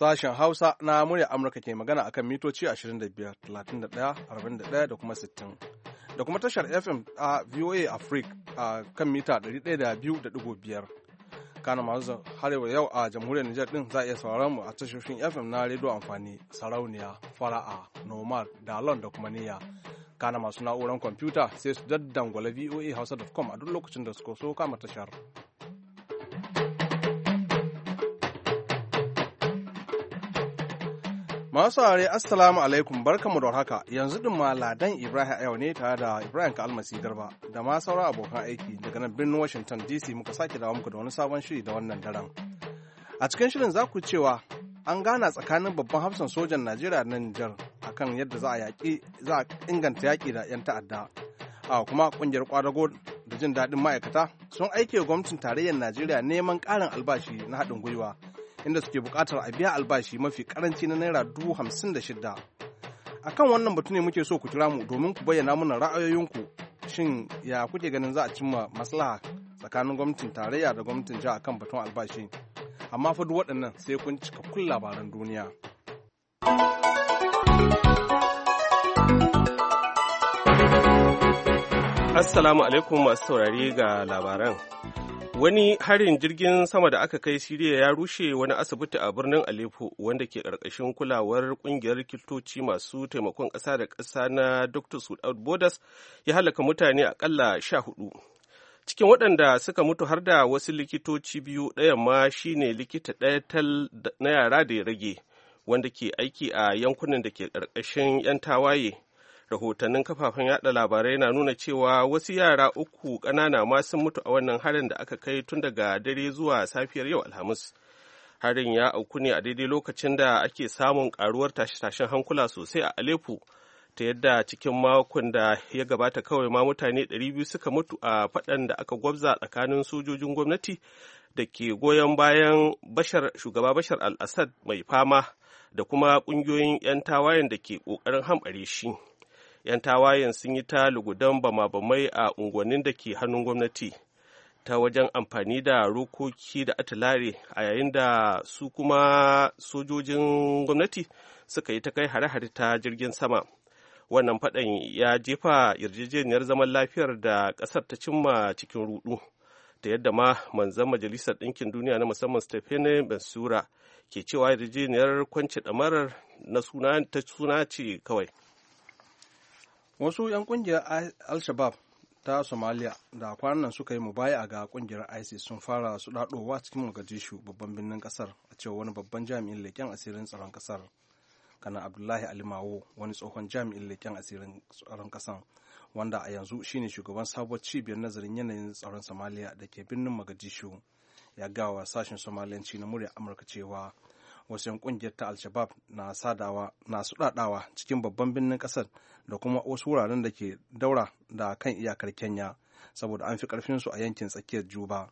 Sashen Hausa na murya Amurka ke magana akan mitoci 25,31,41 da kuma 60. Da kuma tashar FM a VOA Africa a kan mita 102.5. Kana masu harewa yau a jamhuriyar Nijar din za a iya sauraron mu a tashoshin FM na rediyo amfani sarauniya, fara'a, nomad, dalon da kuma niyya. Kana masu na'urar kwamfuta sai su daddangwala voa hausa.com a duk lokacin da suka so kama tashar. Masu saurare Assalamu alaikum barkamu da haka yanzu din ma Ladan Ibrahim yau ne tare da Ibrahim Almasi Garba da ma sauran abokan aiki daga nan birnin Washington DC muka sake dawo muku da wani sabon shiri da wannan daren. A cikin shirin za ku cewa an gana tsakanin babban hafsan sojan Najeriya na Nijar akan yadda za a za inganta yaƙi da 'yan ta'adda. A kuma ƙungiyar kwadago da jin daɗin ma'aikata sun aike gwamnatin tarayyar Najeriya neman ƙarin albashi na haɗin gwiwa. inda suke bukatar a biya albashi mafi karanci na naira dubu hamsin da shida kan wannan batu ne muke so ku kira mu domin ku bayyana mana ra'ayoyinku shin ya kuke ganin za a cimma maslaha tsakanin gwamnatin tarayya da gwamnatin jiha akan batun albashi amma fa duk waɗannan sai kun cika kun labaran duniya Assalamu alaikum masu saurari ga labaran. Wani harin jirgin sama da aka kai Siriya ya rushe wani asibiti a birnin Aleppo wanda ke ƙarƙashin kulawar ƙungiyar kiltoci masu taimakon ƙasa da ƙasa na Dr. Without Borders ya halaka mutane aƙalla sha hudu. Cikin waɗanda suka mutu har da wasu likitoci biyu ɗaya ma shine likita ɗaya tal na yara da ya rage wanda ke aiki a yankunan da ke ƙarƙashin 'yan tawaye. rahotannin kafafen yada labarai na nuna cewa wasu yara uku ƙanana ma sun mutu a wannan harin da aka kai tun daga dare zuwa safiyar yau alhamis harin ya auku ne a daidai lokacin da ake samun karuwar tashe-tashen hankula sosai a aleppo ta yadda cikin makon da ya gabata kawai ma mutane 200 suka mutu a faɗan da aka gwabza tsakanin sojojin gwamnati da ke goyon bayan shugaba bashar al-assad mai fama da kuma ƙungiyoyin 'yan tawayen da ke ƙoƙarin hamɓare shi. 'yan tawayen sun yi ta lugudan bama-bamai a unguwannin da ke hannun gwamnati ta wajen amfani da rokoki da atilare a yayin da su kuma sojojin gwamnati suka yi ta kai hare-hare ta jirgin sama wannan faɗan ya jefa yarjejeniyar zaman lafiyar da ƙasar ta cimma cikin rudu ta yadda ma manzan majalisar ɗinkin duniya na musamman stephen bensura ke cewa yarjejeniyar kwance ɗamarar na ta suna ce kawai wasu 'yan kungiyar al-shabab ta somalia da kwanan nan suka yi mubaya ga kungiyar isis sun fara su dadowa cikin mogadishu babban birnin kasar a cewa wani babban jami'in leken asirin tsaron kasar kana abdullahi alimawo wani tsohon jami'in leken asirin tsaron kasar wanda a yanzu shine shugaban sabuwar cibiyar nazarin yanayin tsaron somalia da ke birnin mogadishu ya gawa sashen somaliyanci na murya amurka cewa wasu yan kungiyar ta al-shabab na sadawa na cikin babban birnin kasar da kuma wasu wuraren da ke daura da kan iyakar kenya saboda an fi karfin su a yankin tsakiyar juba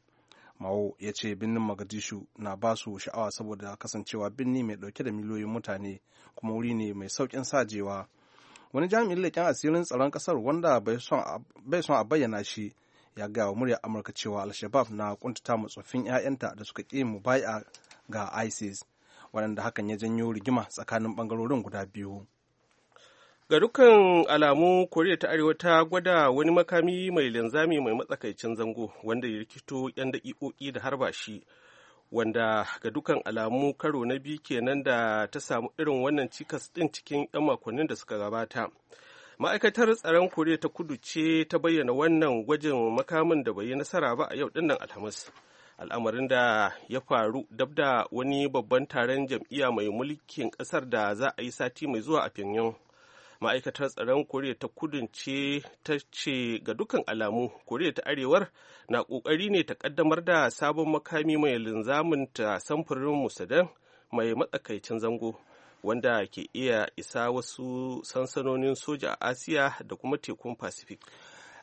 mao ya ce birnin magadishu na ba su sha'awa saboda kasancewa birni mai dauke da miliyoyin mutane kuma wuri ne mai saukin sajewa wani jami'in leƙen asirin tsaron kasar wanda bai son a bayyana shi ya gaya wa murya amurka cewa al-shabab na kuntata tsoffin 'ya'yanta da suka ƙi mu baya ga isis waɗanda hakan ya janyo rigima tsakanin ɓangarorin guda biyu ga dukkan alamu koriya ta arewa ta gwada wani makami mai linzami mai matsakaicin zango wanda ya rikito 'yan daƙiƙoƙi da harba shi wanda ga dukkan alamu karo na biyu kenan da ta samu irin wannan cikas ɗin cikin 'yan makonnin da suka gabata ma'aikatar tsaron koriya ta kudu ce ta bayyana wannan gwajin makamin da bai yi nasara ba a yau dinnan alhamis al'amarin da ya faru dab da wani babban taron jam'iyya mai mulkin kasar da za a yi sati mai zuwa a Pyongyang. Ma'aikatar tsaron Koriya ta kudin ce ta ce ga dukkan alamu Koriya ta Arewar na kokari ne ta kaddamar da sabon makami mai linzamin ta samfurin musadan mai matsakaicin zango wanda ke iya isa wasu sansanonin soja a Asiya da kuma tekun Pacific.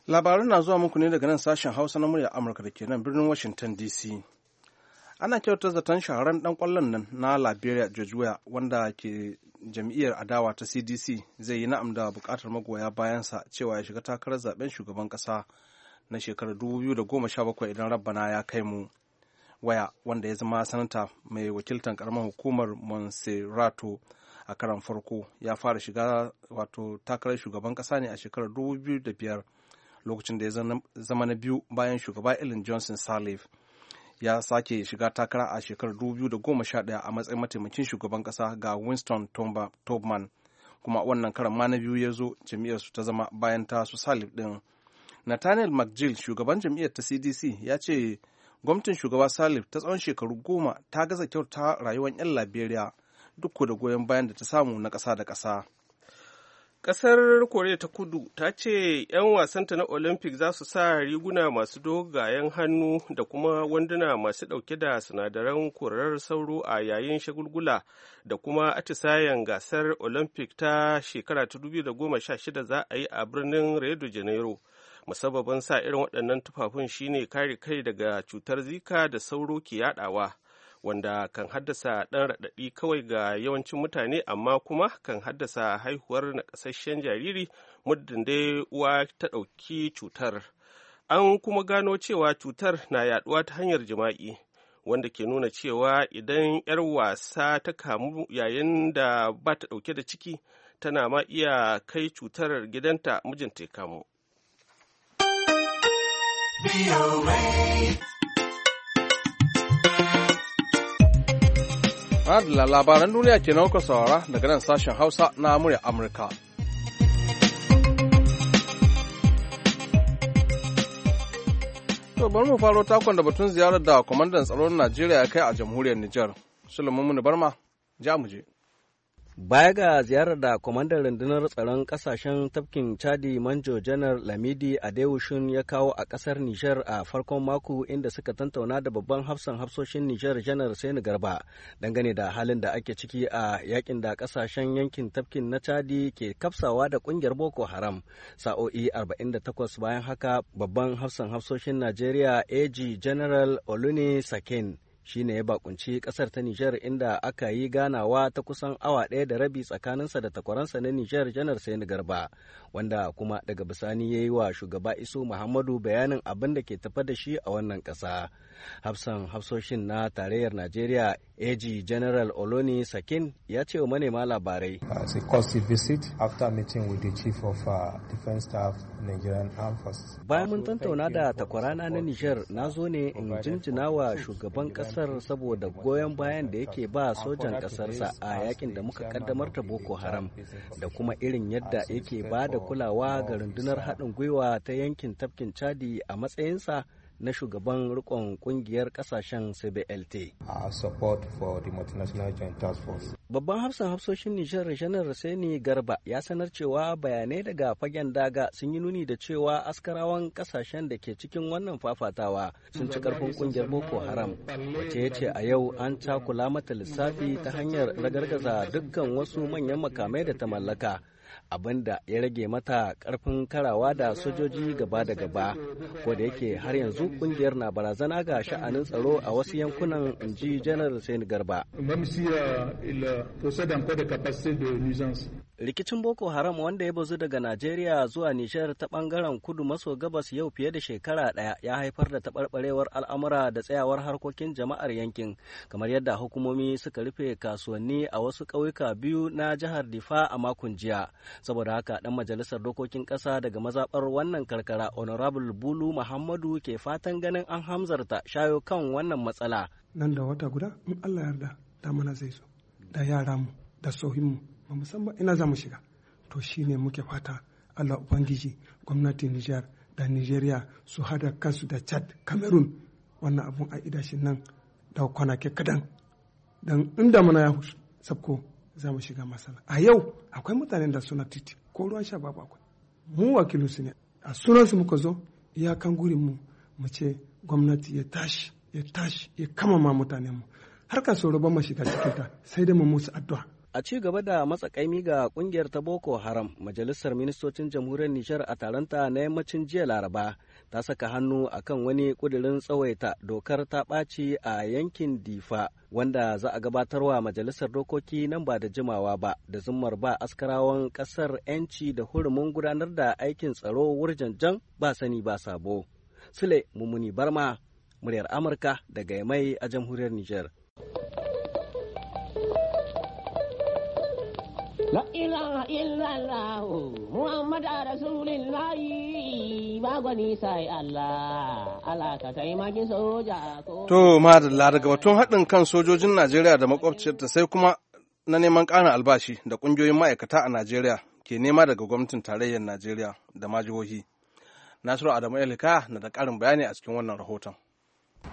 labarun na zuwa muku ne daga nan sashen hausa na murya amurka da ke nan birnin washington dc ana kyautar zaton shaharan dan kwallon nan na liberia george weah wanda ke jam'iyyar adawa ta cdc zai yi na'am da bukatar magoya bayansa cewa ya shiga takarar zaben shugaban kasa na shekarar bakwai idan rabbana ya kai mu waya wanda ya zama sanata mai wakiltan karamar hukumar monserrato a karan farko ya fara shiga wato takarar shugaban kasa ne a shekarar biyar. lokacin da ya zama na biyu bayan shugaba Ellen Johnson salif ya sake shiga takara a shekarar da goma 2011 a matsayin mataimakin shugaban kasa ga Winston Tubman kuma wannan karan ma na biyu ya zo jam'iyyarsu ta zama bayan ta su Sirleaf din. Nathaniel McGill shugaban jam'iyyar ta CDC ya ce gwamnatin shugaba Salif ta tsawon shekaru goma ta gaza kyauta rayuwar 'yan Liberia duk da goyon bayan da ta samu na ƙasa da kasa. Ƙasar Koriya ta Kudu ta ce 'yan wasanta na Olympic za su sa riguna masu dogayen hannu da kuma wanduna masu ɗauke da sinadaran korar sauro a yayin shagulgula da kuma atisayen gasar Olympic ta shekara ta 2016 za a yi a birnin Rio de Janeiro. Musababin sa irin waɗannan tufafin shine kare kai daga cutar zika da sauro ke yaɗawa. wanda kan haddasa ɗan raɗaɗi kawai ga yawancin mutane amma kuma kan haddasa haihuwar naƙasasshen jariri muddin dai uwa ta ɗauki cutar an kuma gano cewa cutar na yaɗuwa ta hanyar jima'i wanda ke nuna cewa idan 'yar wasa ta kamu yayin da ba ta ɗauke da ciki tana ma iya kai cutar gidanta mijinta ya kamu. adala labaran duniya ke na kuka saurara daga nan sashen Hausa na murya Amurka. To bari mu faro takon da batun ziyarar da kwamandan tsaron Najeriya ya kai a jamhuriyar Nijar. Sulaiman Muni Barma, ja mu Baya ga ziyarar da kwamandan rundunar tsaron kasashen tafkin Chadi Manjo Janar Lamidi Adewushin ya kawo a kasar Nijar a farkon mako inda suka tantauna da babban hafsan hafsoshin Nijar Janar Sani Garba dangane da halin da ake ciki a yakin da kasashen yankin tafkin na Chadi ke kafsawa da kungiyar Boko Haram. Sa'o'i 48 bayan haka babban hafsan hafsoshin Najeriya AG General Oluni Sakin Shi ne ya bakunci kasar ta Nijar inda aka yi ganawa ta kusan awa ɗaya da rabi tsakaninsa da takwaransa na Nijar janar sai Garba wanda kuma daga bisani ya yi wa shugaba iso Muhammadu bayanin abin da ke tafa da shi a wannan ƙasa. hafsan hafsoshin na tarayyar najeriya AG General Oloni Sakin ya ce wa manema labarai. As a cost visit after meeting with the chief of uh, defense staff Nigerian Armed Forces. Bayan mun tantauna da takwarana na niger na zo ne in jinjina wa shugaban kasar saboda goyon bayan da yake ba sojan kasarsa a yakin da muka kaddamar ta Boko Haram da kuma irin yadda yake ba da kulawa ga rundunar haɗin gwiwa ta yankin tafkin Chadi a matsayinsa na shugaban rikon kungiyar kasashen CBLT. A support for the multinational joint task force. Babban hafsan hafsoshin Nijar Janar Garba ya sanar cewa bayanai daga fagen daga sun yi nuni da cewa askarawan kasashen da ke cikin wannan fafatawa sun ci karfin kungiyar Boko Haram wace ya ce a yau an cakula mata lissafi ta hanyar ragargaza dukkan wasu manyan makamai da ta mallaka. abinda ya rage mata karfin karawa da sojoji gaba da gaba ko da yake har yanzu kungiyar na barazana ga sha'anin tsaro a wasu yankunan inji janar Hussein Garba. Rikicin Boko Haram wanda ya bazu daga Najeriya zuwa Nishar ta bangaren kudu maso gabas yau fiye da shekara ɗaya ya haifar da taɓarɓarewar al'amura da tsayawar harkokin jama'ar yankin, kamar yadda hukumomi suka rufe kasuwanni a wasu ƙauyuka biyu na jihar Difa a makon jiya. Saboda haka ɗan majalisar dokokin ƙasa daga mazaɓar wannan karkara Honorable Bulu Muhammadu ke fatan ganin an hamzarta shayo kan wannan matsala. Nan da wata guda in Allah yarda da mana zai so da yaranmu da sohin ba musamman ina za mu shiga to shine muke fata Allah ubangiji gwamnatin Nijar da Nijeriya su hada kansu da Chad Cameroon wannan abun a idashin nan da kwanake kadan dan inda muna ya sabko za mu shiga masana a yau akwai mutanen da suna titi ko ruwan sha babu akwai mu wakilu su ne a sunansu muka zo iyakan gurin mu mu ce gwamnati ya tashi ya tashi ya kamama ma mutanen mu har ka tsoro ba mu shiga cikin ta sai dai mu musu addu'a A ci gaba da matsakaimi ga kungiyar ta Boko Haram, Majalisar Ministocin Jamhuriyar Nijar a taronta na yammacin jiya Laraba ta saka hannu a kan wani kudirin tsawaita dokar ta ɓaci a yankin Difa wanda za a gabatarwa Majalisar Dokoki nan ba da jimawa ba da zumar ba askarawan ƙasar 'yanci da hurumin gudanar da aikin tsaro wurjanjan ba sani ba sabo. Sule Mumuni Barma, muryar Amurka daga mai a jamhuriyar Nijar. La ilaha illallah Muhammad Rasulullah ba gwani sai Allah Allah ka taimaki soja To madalla daga batun haɗin kan sojojin Najeriya da makwabciyarta sai kuma na neman ƙarin albashi da ƙungiyoyin ma'aikata a Najeriya ke nema daga gwamnatin tarayyar Najeriya da ma jihohi. Nasiru Adamu Elka na da ƙarin bayani a cikin wannan rahoton.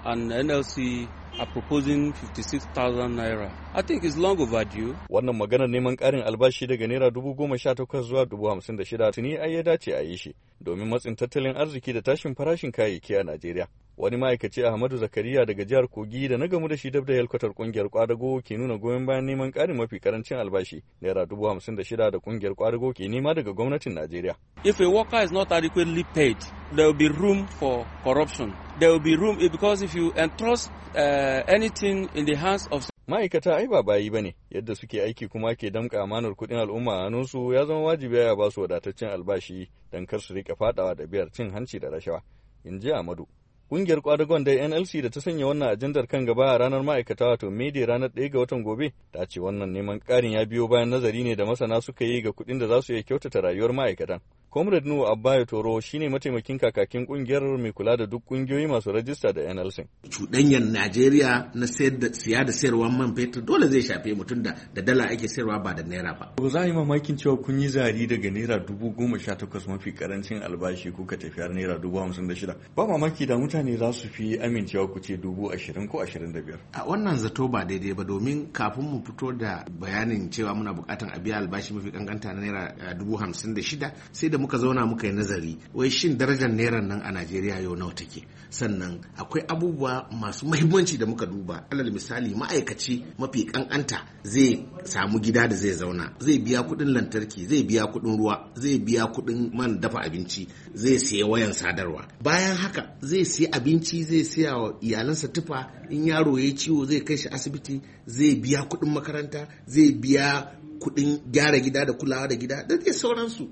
An NLC are proposing 56,000 naira. I think it's long overdue. Wannan maganar neman ƙarin albashi daga naira dubu goma sha takwas zuwa dubu hamsin da shida tuni a ya dace a yi shi domin matsin tattalin arziki da tashin farashin kayayyaki a Najeriya. Wani ma'aikaci Ahmadu Zakariya daga jihar Kogi da na gamu da shi dab da helkwatar kungiyar kwadago ke nuna goyon bayan neman ƙarin mafi karancin albashi naira dubu hamsin da shida da kungiyar kwadago ke nema daga gwamnatin Najeriya. If a worker is not adequately paid, there will be room for corruption. There will be room because if you entrust uh, Uh, anything in the hands of ma'aikata ai ba bayi ne, yadda suke aiki kuma ke damƙa amanar kuɗin al'umma a hannunsu ya zama wajibi ya ba su wadataccen albashi don kar su rika fadawa da biyar cin hanci da rashawa in ji amadu Ƙungiyar kwadagon dai NLC da ta sanya wannan ajandar kan gaba a ranar ma'aikata wato Mede ranar 1 ga watan gobe ta ce wannan neman ƙarin ya biyo bayan nazari ne da masana suka yi ga kuɗin da za su iya kyautata rayuwar ma'aikatan. Comrade Nuhu Abbaye Toro shine mataimakin kakakin kungiyar mai kula da duk kungiyoyi masu rajista da NLC. Cuɗanyar Najeriya na siya da sayarwar man fetur dole zai shafe mutum da da dala ake sayarwa ba da naira ba. Ba za a yi mamakin cewa kun yi zari daga naira dubu goma sha takwas mafi karancin albashi ko ka har naira dubu hamsin da shida. Ba mamaki da mutane za su fi amincewa ku ce dubu ashirin ko ashirin da biyar. A wannan zato ba daidai ba domin kafin mu fito da bayanin cewa muna bukatan a biya albashi mafi kankanta na naira eh, dubu hamsin da shida sai da muka zauna muka yi nazari wai shin darajar naira nan a najeriya yau nawa take sannan akwai abubuwa masu mahimmanci da muka duba alal misali ma'aikaci mafi kankanta zai samu gida da zai zauna zai biya kuɗin lantarki zai biya kuɗin ruwa zai biya kuɗin man dafa abinci zai siya wayan sadarwa bayan haka zai siya abinci zai siya wa iyalansa tufa in yaro ya ciwo zai kai shi asibiti zai biya kuɗin makaranta zai biya kuɗin gyara gida da kulawa da gida da dai sauransu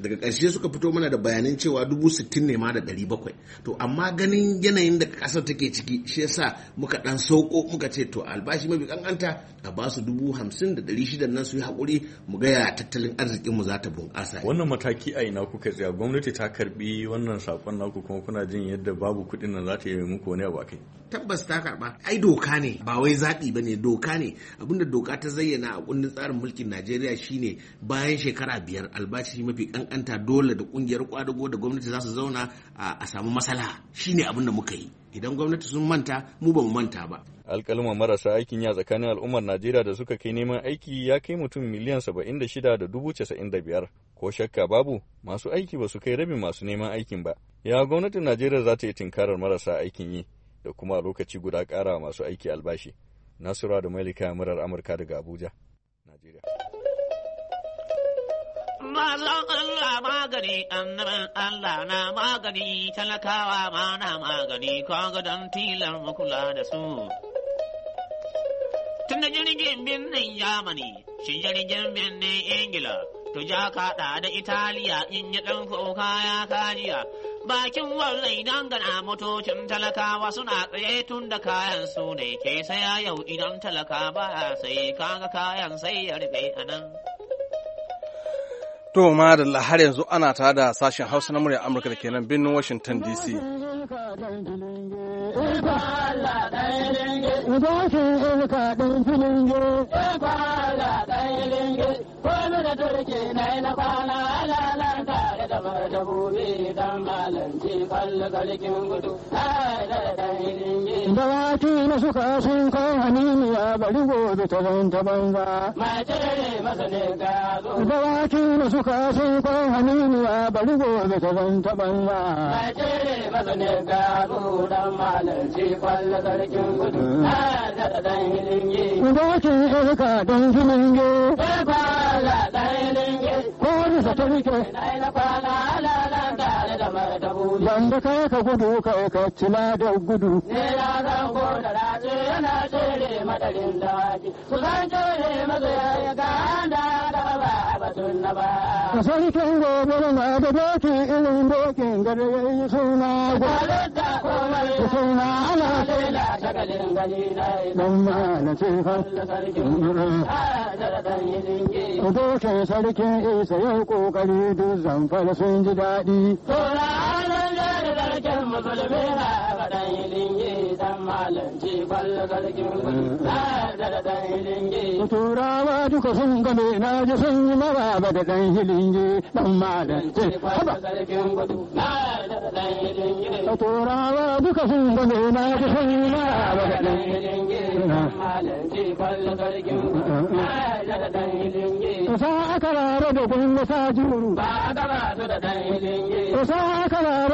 daga ƙarshe suka fito mana da bayanan cewa dubu sittin ne ma da ɗari bakwai to amma ganin yanayin da ƙasar take ciki shi yasa muka ɗan sauko muka ce to albashi mafi ƙanƙanta a ba su dubu hamsin da ɗari shida nan su yi haƙuri mu gaya tattalin arzikinmu za ta bunƙasa. wannan mataki a ina kuka tsaya gwamnati ta karɓi wannan saƙon naku kuma kuna jin yadda babu kuɗin nan za ta yi muku wani abu a kai. tabbas ta karba ai doka ne ba wai zaɓi ba ne doka ne abinda doka ta zayyana a kundin tsarin mulkin najeriya shine bayan shekara biyar albashi mafi kankanta dole da kungiyar kwadago da gwamnati za su zauna a samu masala shine abinda muka yi idan gwamnati sun manta mu ba mu manta ba alkalma marasa aikin ya tsakanin al'ummar najeriya da suka kai neman aiki ya kai mutum miliyan saba'in da shida da dubu casa'in da biyar ko shakka babu masu aiki ba su kai rabin masu neman aikin ba ya gwamnatin najeriya za ta yi tinkarar marasa aikin yi da kuma lokaci guda ƙara masu aiki albashi. Nasura da Malika murar Amurka daga Abuja, Najeriya. Mazan Allah magani, annabin Allah na magani, talakawa ma na magani, kaga don tilar makula da su. Tun da jirgin birnin Yamani, shi jirgin birnin Ingila, to ja kaɗa da Italiya in yi ɗan kuka ya kariya bakin wanda idan gana motocin talakawa suna tsaye tun da kayan su ne ke saya yau idan talaka ba sai kaga kayan sai ya rufe a nan. To ma da har yanzu ana tare da sashen Hausa na murya Amurka da kenan birnin Washington DC. Ibrahim Kwanu da turke na yi na kwana alalan tare da marda gobe dan malanci kalli kalkin gudu tare da hiringe. Dawaki na suka sun kan haniniya bari gobe ta zan ta banza. Mace ne masa ne gazo. Dawaki na suka sun kan haniniya bari gobe ta zan ta banza. Mace ne masa ne gazo dan malanci kalli kalkin gudu tare da hiringe. Dawakin irka don jinin yo. Bye Kowane zato ne ke. Yanda kai ka gudu ka ci da gudu. Nera zan gudu da ce yana ce madarin daji su san cire magoya ga da ba ba ba. A sarkin gobe na da doki irin dokin gare ya yi suna gwalata komai da suna ana lela shagalin gani na yi. Don ma na ce fa. A dokin sarkin isa yau kokari duk zamfara sun ji daɗi. musulmi Turawa duka sun game na ji sun yi da dan dan Haba. Turawa duka sun game na ji sun yi da dan Sa aka da sa juru. Ba aka da dan Sa aka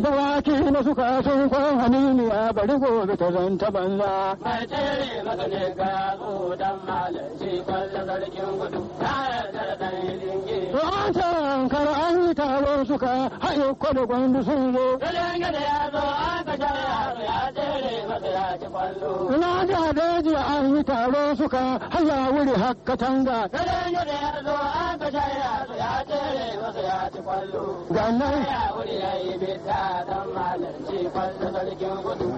Dawaki na suka sun kwan haniniya bari gobe ta zanta banza. Mai tsere maka ne ga tsodan malam shi kwallon sarkin gudu. Ruwan can karo an yi taron suka haye kwado gwandu sun zo. Dalin gada ya zo aka jara ya tsere masa ya ci kwallo. Ina da daji an yi taron suka haya wuri hakka tanga. Dalin gada ya zo aka jara ya tsere masa ya ya ci kwallo. Ya wuri ya yi malarci kwallo sarkin gudu.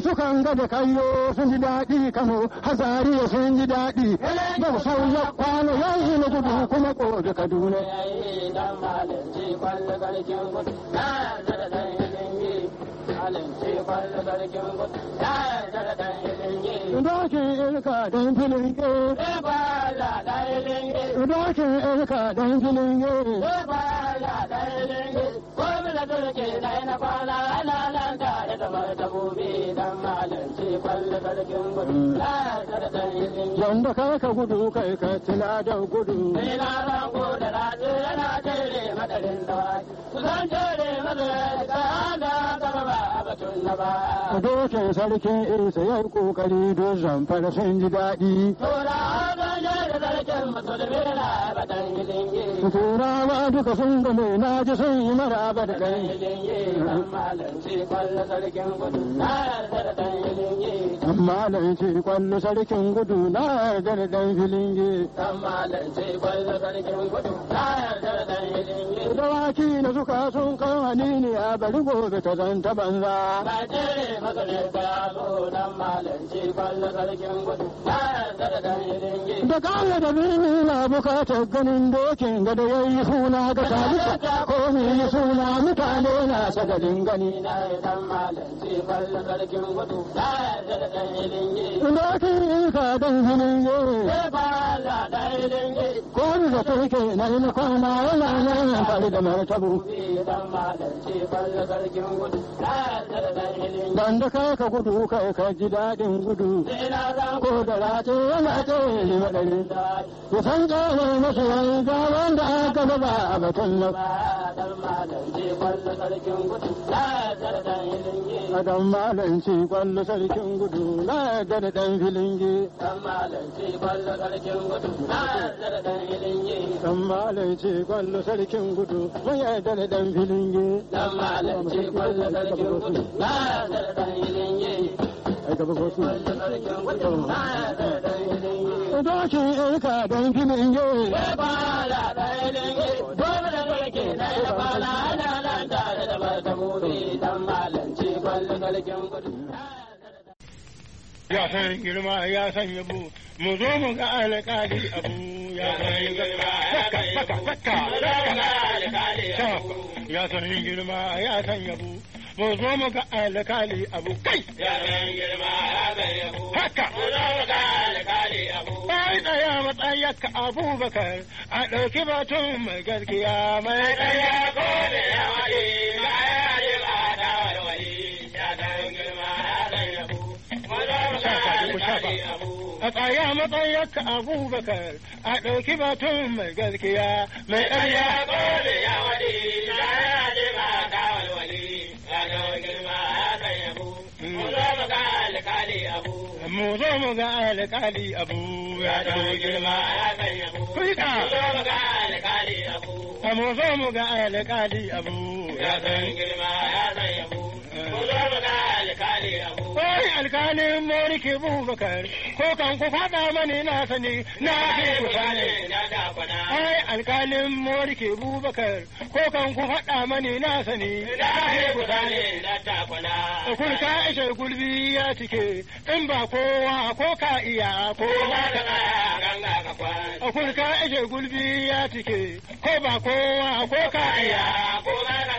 su kan ga da kallo sun ji daɗi Kano hazari ya sun ji daɗi. Da sauya kwano ya yi na gudu kuma ko Kaduna. Ya yi dan malarci kwallo sarkin gudu. Da da da ilimi. kwallo sarkin gudu. Da da da ilimi. ilka don filin ke. Idan ake aika ɗan filin yau. Wanda ka ka gudu kai ka tila da gudu. Ni na rango da na tere na tere madarin da Ku san tere madarin da da gaba ba batun na ba. Dokin sarkin isa ya kokari don zamfara sun ji daɗi. Tora Turawa duka sun gane na ji sun yi maraba da kai. Amma kwallo sarkin gudu na yarda da dan filinge. Amma kwallo sarkin gudu na yarda da dan filinge. Dawaki na suka sun kan hanini a bari gobe ta zanta banza. Ba ce zo kwallo sarkin gudu na Da da birni na bukatar ganin dokin gada ya yi suna ga salisa. zo mu suna mutane na sagadin gani. Na yi dan malance balla sarkin gudu, na yarda da dan ilinge. Ina ki ka dan ilinge. Sai ba la dan ilinge. Ko ni da take na yi na kwana yana nan yan fari da martabu. Dan malance balla sarkin gudu, na yarda da dan ilinge. Dan da kai ka gudu kai ka ji dadin gudu. Ko da rate Na ce limadari. Kusan gane masu yanzu wanda aka zaba a batun nan. Adam malanci kwallo sarkin gudu na yarda da dan filinge. Dan malanci kwallo sarkin gudu na yarda da dan filinge. Dan malanci kwallo sarkin gudu na yarda da dan filinge. Dan malanci kwallo sarkin gudu na yarda da dan filinge. Ai gaba ko Kwallo sarkin gudu na yarda da dan filinge. dokin ka don ginin yau. Ya fara da ilin gwamnan mulki na ya fara ana nan tare da barkamu dan malanci kwallon sarkin kudu. Ya san girma ya san yabo, mu zo mu ga alƙali abu ya san girma ya san yabo, mu zo mu abu ya san girma ya san yabo. Mun zo mu ga alkali abu kai. Yaran girma ya zayyabu. Haka. Mun zo mu ga alkali abu. Bai tsaya matsayarka abubakar a ɗauki batun mai gaskiya mai tsaya ko da yawali. a tsaya matsayarka abubakar a ɗauki batun mai gaskiya mai ɗarya ƙone yawa zo mu ga abu ya ɗau girma ya kai yabo. Kuka. Zo mu zo mu abu ya girma ya Mu zo mu ga alƙali abu. ko alkalin moriki buhu bakar ko kan ku faɗa mani na sani na fi ku sani ai alkalin moriki buhu bakar ko kan ku faɗa mani na sani na fi ku sani na takwana kulka ishe gulbi ya cike in ba kowa ko ka iya ko ba ka ganga ka kwana kulka ishe gulbi ya cike ko ba kowa ko ka iya ko ba ka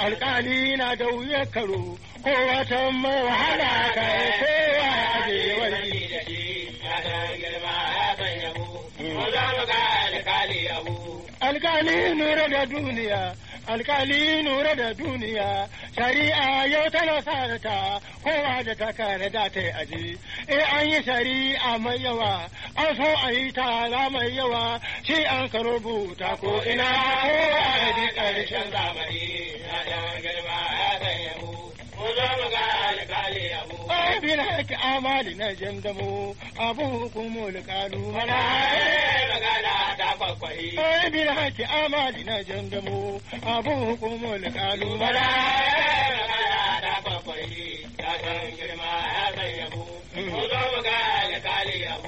alkali na da wuya karo ko wata wahala da kowa je wani alkali nura da duniya alkali nura da duniya shari'a yau tana sa ta kowa da ta kare da ta yi aji eh an yi shari'a mai yawa an so a yi tara mai yawa shi an ka rubuta ko ina ko a yi karshen zamani ya girma Ƙafin haka amali na jam damu abin hukumu da kanu mana magana ta kwakwai. Ƙafin haka amali na jam damu abin hukumu da kanu mana magana ta kwakwai. haka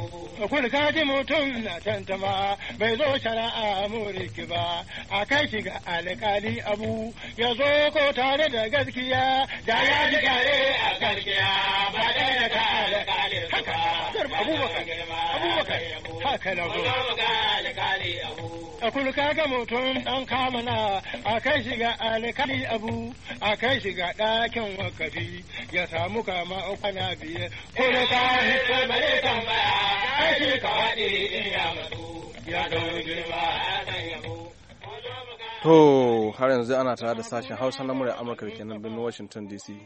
mm. kun ka ji mutum na tantama bai zo shara'a muriki ba a kai shi ga alƙali abu ya zo ko tare da gaskiya da ya ji kare a gaskiya ba da ya ka alƙali haka abubakar abubakar haka na go a ka ga mutum dan kamana a kai shi ga alƙali abu a kai shiga ɗakin wakafi ya samu kama kwana biye. Kuma ta hito mai tambaya, shi ka waɗi in ya ya don girma To har yanzu ana tare da sashen Hausa na murya Amurka da kenan birnin Washington DC.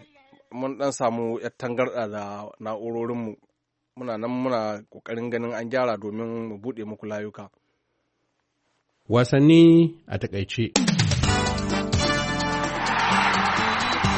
Mun dan samu yar tangarɗa da na'urorinmu. Muna nan muna ƙoƙarin ganin an gyara domin mu buɗe muku layuka. Wasanni a takaice.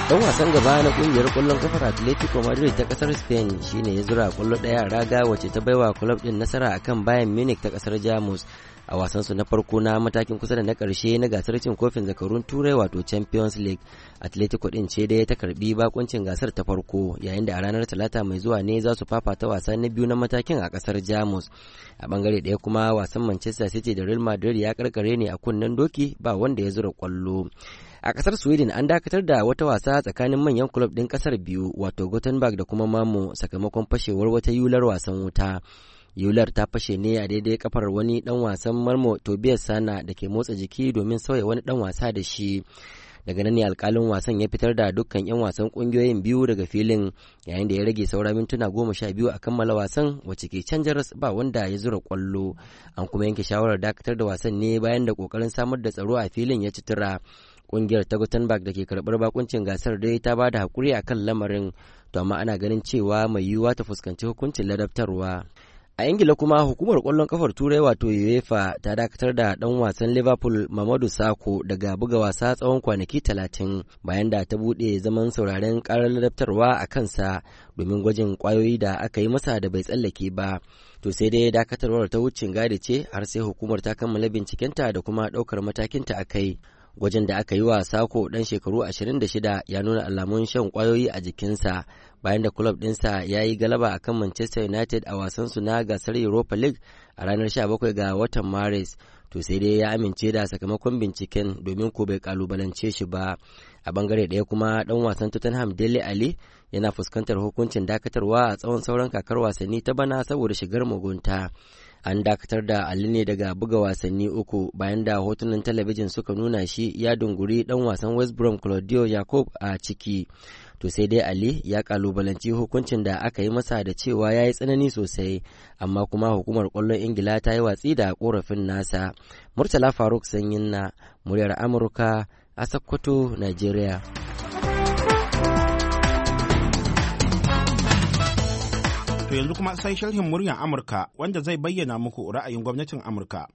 dan wasan gaba na kungiyar kwallon kafar atletico madrid ta kasar spain shine ya zura kwallo daya a raga wacce ta baiwa club din nasara akan bayan munich ta kasar jamus a wasan su na farko na matakin kusa da na karshe na gasar cin kofin zakarun turai wato champions league atletico din ce dai ta karbi bakuncin gasar ta farko yayin da a ranar talata mai zuwa ne za su fafata wasa na biyu na matakin a kasar jamus a bangare daya kuma wasan manchester city da real madrid ya karkare ne a kunnen doki ba wanda ya zura kwallo A kasar Sweden an dakatar da wata wasa tsakanin manyan kulob din kasar biyu wato Gothenburg da kuma Mamo sakamakon fashewar wata yular wasan wuta. Yular ta fashe ne a daidai kafar wani dan wasan Marmo Tobias Sana da ke motsa jiki domin sauya wani dan wasa da shi. daga nan ne alkalin wasan ya fitar da dukkan 'yan wasan kungiyoyin biyu daga filin yayin da ya rage saura mintuna goma sha biyu a kammala wasan wacce ke can jaras ba wanda ya zura kwallo an kuma yanke shawarar dakatar da wasan ne bayan da kokarin samar da tsaro a filin ya ci Ƙungiyar ta Gutenberg da ke karbar bakuncin gasar dai ta ba da haƙuri a kan lamarin, to amma ana ganin cewa mai yiwuwa ta fuskanci hukuncin ladabtarwa. A Ingila kuma hukumar kwallon kafar Turai wato UEFA ta dakatar da ɗan wasan Liverpool Mamadu Sako daga buga wasa tsawon kwanaki talatin bayan da ta buɗe zaman sauraren karar ladabtarwa a kansa domin gwajin kwayoyi da aka yi masa da bai tsallake ba. To sai dai dakatarwar ta wucin gadi ce har sai hukumar ta kammala bincikenta da kuma ɗaukar matakinta a kai. Gwajin da aka yi wa Sako dan shekaru 26 ya nuna alamun shan kwayoyi a jikinsa bayan da kulob ɗinsa ya yi galaba akan Manchester United a wasansu na gasar Europa League a ranar 17 ga watan Maris. To sai dai ya amince da sakamakon binciken domin ko bai kalubalance shi ba. A bangare daya kuma dan wasan Tottenham Dele Ali yana fuskantar hukuncin dakatarwa a tsawon sauran kakar wasanni ta bana saboda shigar mugunta. an dakatar da Ali ne daga buga wasanni uku bayan da hotunan talabijin suka nuna shi ya dunguri dan wasan West Brom Claudio Jacob a ciki. To sai dai Ali ya kalubalanci hukuncin da aka yi masa da cewa ya yi tsanani sosai, amma kuma hukumar kwallon Ingila ta yi watsi da korafin nasa. Murtala Faruk Sanyin na muryar Amurka a Sokoto, Nigeria. yanzu kuma sai sharhin muryar Amurka wanda zai bayyana muku ra'ayin gwamnatin Amurka.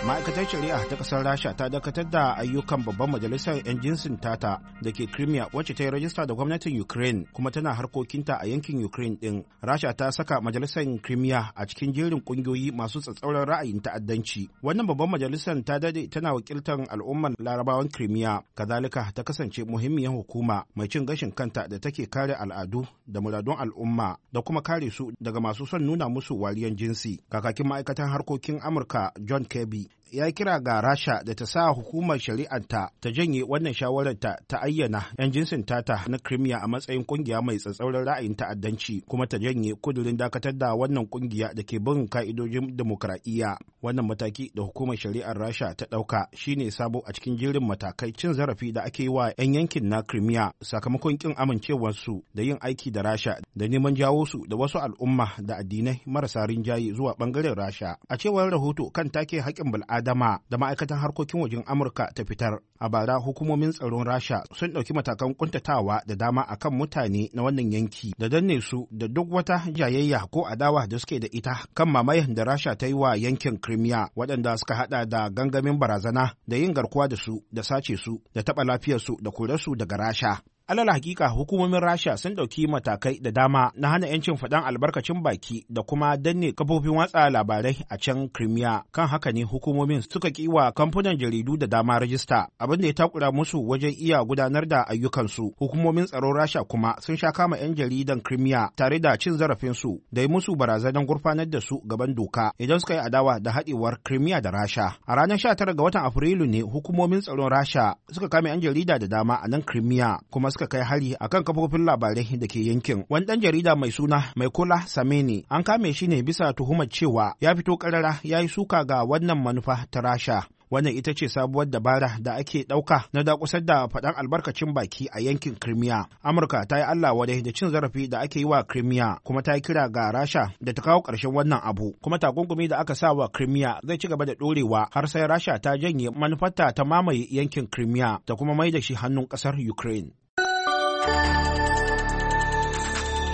ma'aikatar shari'a ta kasar rasha ta dakatar da ayyukan babban majalisar 'yan jinsin tata da ke crimea wacce ta yi rajista da gwamnatin ukraine kuma tana harkokinta a yankin ukraine din rasha ta saka majalisar crimea a cikin jerin kungiyoyi masu tsatsauran ra'ayin ta'addanci wannan babban majalisar ta dade tana wakiltar al'ummar larabawan crimea kazalika ta kasance muhimmiyar hukuma mai cin gashin kanta da take kare al'adu da muradun al'umma da kuma kare su daga masu son nuna musu wariyar jinsi kakakin ma'aikatan harkokin amurka john kirby ya kira ga Rasha da ta sa hukumar shari'arta ta janye wannan shawararta ta ayyana 'yan jinsin tata na Crimea a matsayin kungiya mai tsatsauran ra'ayin ta'addanci kuma ta janye kudurin dakatar da wannan kungiya da ke bin ka'idojin demokradiyya. Wannan mataki da hukumar shari'ar Rasha ta ɗauka shine sabo a cikin jirin matakai cin zarafi da ake yi wa 'yan yankin na Crimea sakamakon kin amincewarsu da yin aiki da Rasha da neman jawo su da wasu al'umma da addinai marasa rinjaye zuwa bangaren Rasha. A cewar rahoto kan take hakkin bil'adama adama da ma'aikatan harkokin wajen Amurka ta fitar. A bara hukumomin tsaron Rasha sun ɗauki matakan kuntatawa da dama akan mutane na wannan yanki da danne su da duk wata jayayya ko adawa da suke da ita kan mamayar da Rasha ta yi wa yankin Crimea waɗanda suka haɗa da gangamin barazana da yin garkuwa da su da sace su da taɓa lafiyarsu da kore su daga Rasha. alal hakika hukumomin rasha sun ɗauki matakai da dama na hana 'yancin faɗan albarkacin baki da kuma danne kafofin watsa labarai a can crimea kan haka ne hukumomin suka ki wa kamfunan jaridu da dama rajista abin da ya takura musu wajen iya gudanar da ayyukansu hukumomin tsaron rasha kuma sun sha kama 'yan jaridan crimea tare da cin zarafinsu da yi musu barazanar gurfanar da su gaban doka idan suka yi adawa da haɗewar crimea da rasha a ranar 19 ga watan afrilu ne hukumomin tsaron rasha suka kame 'yan jarida da dama a nan crimea kuma suka kai hari kan kafofin labarai da ke yankin. Wani ɗan jarida mai suna mai kula Sameni an kame shi ne bisa tuhumar cewa ya fito ƙarara ya yi suka ga wannan manufa ta Rasha. wannan ita ce sabuwar dabara da ake ɗauka na dakusar da faɗan albarkacin baki a yankin Crimea. Amurka ta yi Allah wadai da cin zarafi da ake yi wa Crimea kuma ta yi kira ga Rasha da ta kawo ƙarshen wannan abu. Kuma takunkumi da aka sa wa Crimea zai ci gaba da ɗorewa har sai Rasha ta janye manufarta ta mamaye yankin Crimea ta kuma mai da shi hannun ƙasar Ukraine.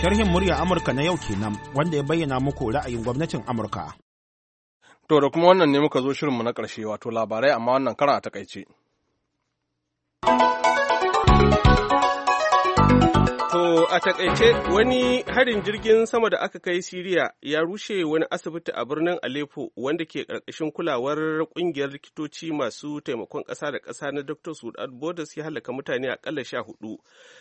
Sharhin murya Amurka na yau kenan wanda ya bayyana muku ra'ayin gwamnatin Amurka. To da kuma wannan ne muka zo shirinmu na ƙarshe wato labarai amma wannan kara a takaice. To a takaice wani harin jirgin sama da aka kai Siriya ya rushe wani asibiti a birnin Aleppo wanda ke ƙarƙashin kulawar ƙungiyar likitoci masu taimakon ƙasa da ƙasa na Dr. Sudan Bodas ya halaka mutane aƙalla sha hudu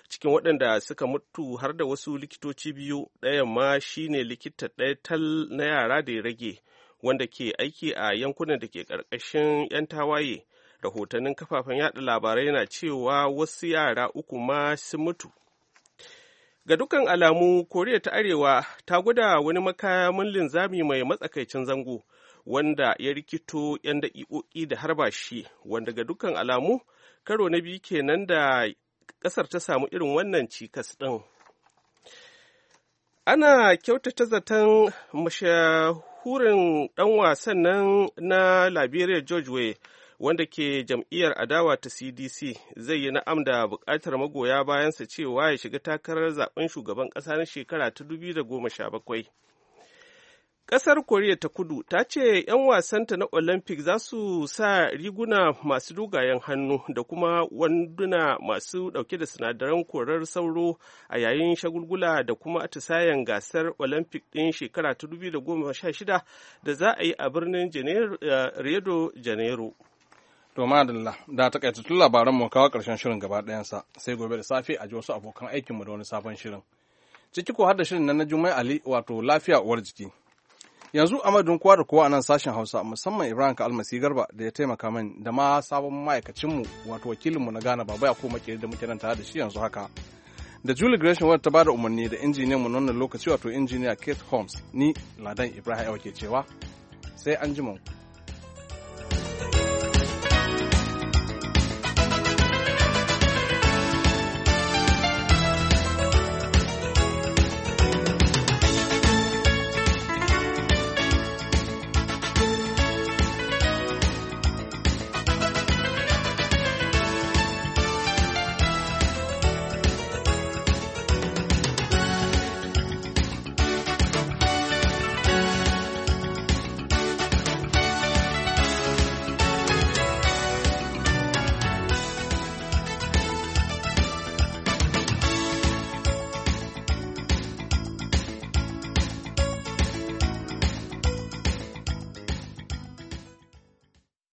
cikin waɗanda suka mutu har da wasu likitoci biyu ɗaya ma shine likita ɗaya tal na yara da ya rage wanda ke aiki a yankunan da ke ƙarƙashin 'yan tawaye rahotannin kafafen yaɗa labarai na cewa wasu yara uku ma sun mutu. Ga dukkan alamu, Koriya ta Arewa ta gwada wani makamin linzami mai matsakaicin zango wanda ya rikito 'yan daƙiƙoƙi da harba shi, wanda ga dukkan alamu karo na biyu kenan da ƙasar ta samu irin wannan cikas ɗin. Ana kyautata zaton mashahurin ɗan wasan nan na Liberia George Way wanda ke jam'iyyar adawa ta cdc zai yi na'am da buƙatar magoya bayansa cewa ya shiga takarar zaben shugaban ƙasa na shekara ta 2017 ƙasar koriya ta kudu ta ce 'yan wasanta na olympic za su sa riguna masu dogayen hannu da kuma wanduna masu ɗauke da sinadaran korar sauro a yayin shagulgula da kuma atisayen gasar olympic ɗin shekara ta 2016 da za a yi a birnin eh, rio janeiro To madalla da tun labaran mu kawo karshen shirin gaba sa sai gobe da safe a ji wasu abokan aikinmu da wani sabon shirin. Ciki ko har da shirin nan na Jummai Ali wato lafiya uwar jiki. Yanzu amadun kowa da kowa a nan sashen Hausa musamman Ibrahim Almasi Garba da ya taimaka min da ma sabon ma'aikacinmu wato wakilinmu na Ghana Baba Yakubu Makeri da muke nan tare da shi yanzu haka. Da Julie Gresham wadda ta bada umarni da injiniyan mu nan lokaci wato injiniya Kate Holmes ni Ladan Ibrahim Awa ke cewa sai an ku.